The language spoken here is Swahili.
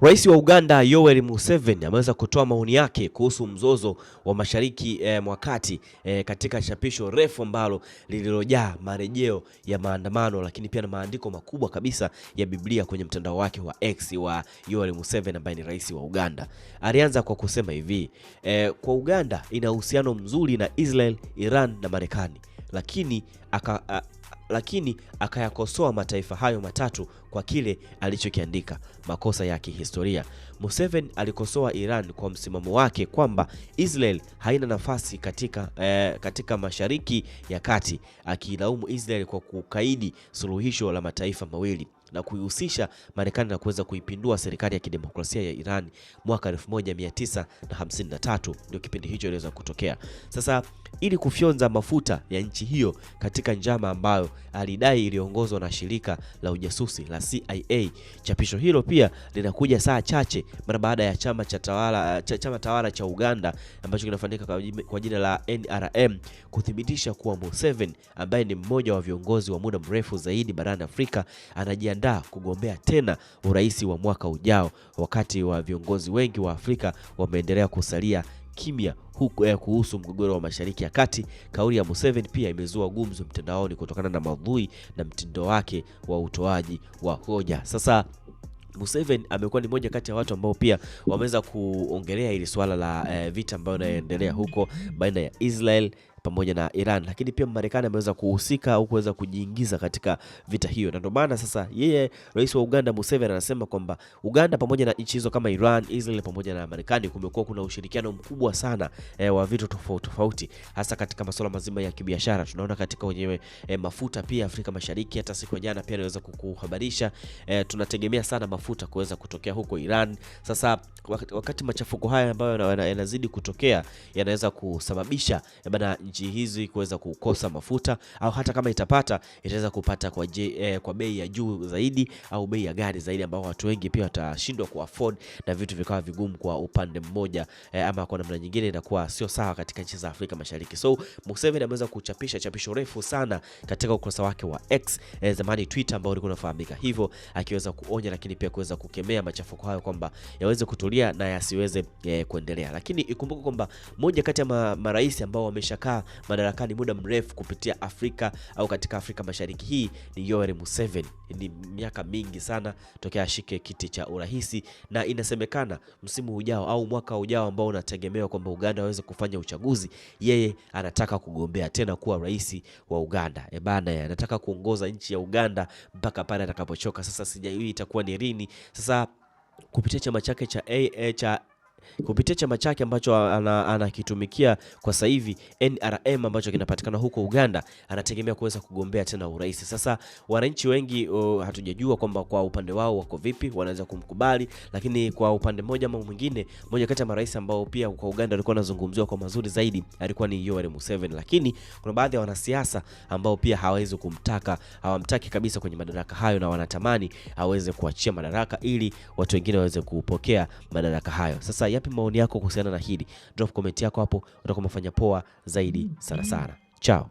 Rais wa Uganda Yoweri Museveni ameweza kutoa maoni yake kuhusu mzozo wa mashariki eh, mwa kati eh, katika chapisho refu ambalo lililojaa marejeo ya maandamano lakini pia na maandiko makubwa kabisa ya Biblia kwenye mtandao wake wa X wa Yoweri Museveni ambaye ni rais wa Uganda. Alianza kwa kusema hivi eh, kwa Uganda ina uhusiano mzuri na Israel, Iran na Marekani lakini aka, a, lakini akayakosoa mataifa hayo matatu kwa kile alichokiandika makosa ya kihistoria. Museveni alikosoa Iran kwa msimamo wake kwamba Israel haina nafasi katika, eh, katika Mashariki ya Kati, akiilaumu Israel kwa kukaidi suluhisho la mataifa mawili na kuihusisha Marekani na kuweza kuipindua serikali ya kidemokrasia ya Iran mwaka 1953 ndio kipindi hicho iliweza kutokea. Sasa ili kufyonza mafuta ya nchi hiyo katika njama ambayo alidai iliongozwa na shirika la ujasusi la CIA. Chapisho hilo pia linakuja saa chache mara baada ya chama cha tawala, cha, chama tawala cha Uganda ambacho kinafanika kwa jina la NRM kuthibitisha kuwa Museveni ambaye ni mmoja wa viongozi wa muda mrefu zaidi barani Afrika anajiandaa kugombea tena urais wa mwaka ujao, wakati wa viongozi wengi wa Afrika wameendelea kusalia kimya eh, kuhusu mgogoro wa Mashariki ya Kati. Kauli ya Museveni pia imezua gumzo mtandaoni kutokana na maudhui na mtindo wake wa utoaji wa hoja. Sasa Museveni amekuwa ni moja kati ya watu ambao pia wameweza kuongelea hili swala la eh, vita ambayo inaendelea huko baina ya Israel pamoja na Iran, lakini pia Marekani ameweza kuhusika au kuweza kujiingiza katika vita hiyo, na ndio maana sasa yeye rais wa Uganda Museveni anasema kwamba Uganda pamoja na nchi hizo kama Iran, Israel pamoja na Marekani kumekuwa kuna ushirikiano mkubwa sana e, wa vitu tofauti tofauti, hasa katika masuala mazima ya kibiashara. Tunaona katika wenyewe e, mafuta pia Afrika Mashariki, hata siku jana pia anaweza kukuhabarisha e, tunategemea sana mafuta kuweza kutokea huko Iran. Sasa wakati machafuko haya ambayo yanazidi kutokea yanaweza kusababisha bana nchi hizi kuweza kukosa mafuta au hata kama itapata itaweza kupata kwa, eh, kwa bei ya juu zaidi au bei ya gari zaidi, ambao watu wengi pia watashindwa ku afford na vitu vikawa vigumu kwa upande mmoja eh, ama kwa namna nyingine inakuwa sio sawa katika nchi za Afrika Mashariki. So Museveni ameweza kuchapisha chapisho refu sana katika ukurasa wake wa X eh, zamani Twitter ambao ulikuwa unafahamika hivyo, akiweza kuonya lakini pia kuweza kukemea machafuko hayo kwamba yaweze kutulia kuzuia na yasiweze eh, kuendelea. Lakini ikumbuke kwamba moja kati ya ma, marais ambao wameshakaa madarakani muda mrefu kupitia Afrika au katika Afrika Mashariki hii ni Yoweri Museveni. Ni miaka mingi sana tokea ashike kiti cha urahisi, na inasemekana msimu ujao au mwaka ujao ambao unategemewa kwamba Uganda waweze kufanya uchaguzi, yeye anataka kugombea tena kuwa rais wa Uganda. E bana, anataka kuongoza nchi ya Uganda mpaka pale atakapochoka. Sasa sijui itakuwa ni lini sasa kupitia chama chake cha, e, cha kupitia chama chake ambacho anakitumikia ana kwa sasa hivi NRM ambacho kinapatikana huko Uganda, anategemea kuweza kugombea tena urais. Sasa wananchi wengi uh, hatujajua kwamba kwa upande wao wako vipi, wanaweza kumkubali, lakini kwa upande mmoja ama mwingine, moja kati ya marais ambao pia kwa Uganda alikuwa anazungumziwa kwa mazuri zaidi alikuwa ni Yoweri Museveni, lakini kuna baadhi ya wanasiasa ambao pia hawawezi kumtaka, hawamtaki kabisa kwenye madaraka hayo, na wanatamani aweze kuachia madaraka ili watu wengine waweze kupokea madaraka hayo sasa yapi maoni yako kuhusiana na hili? Drop comment yako hapo, utakuwa umefanya poa zaidi sana mm-hmm. sana. Chao.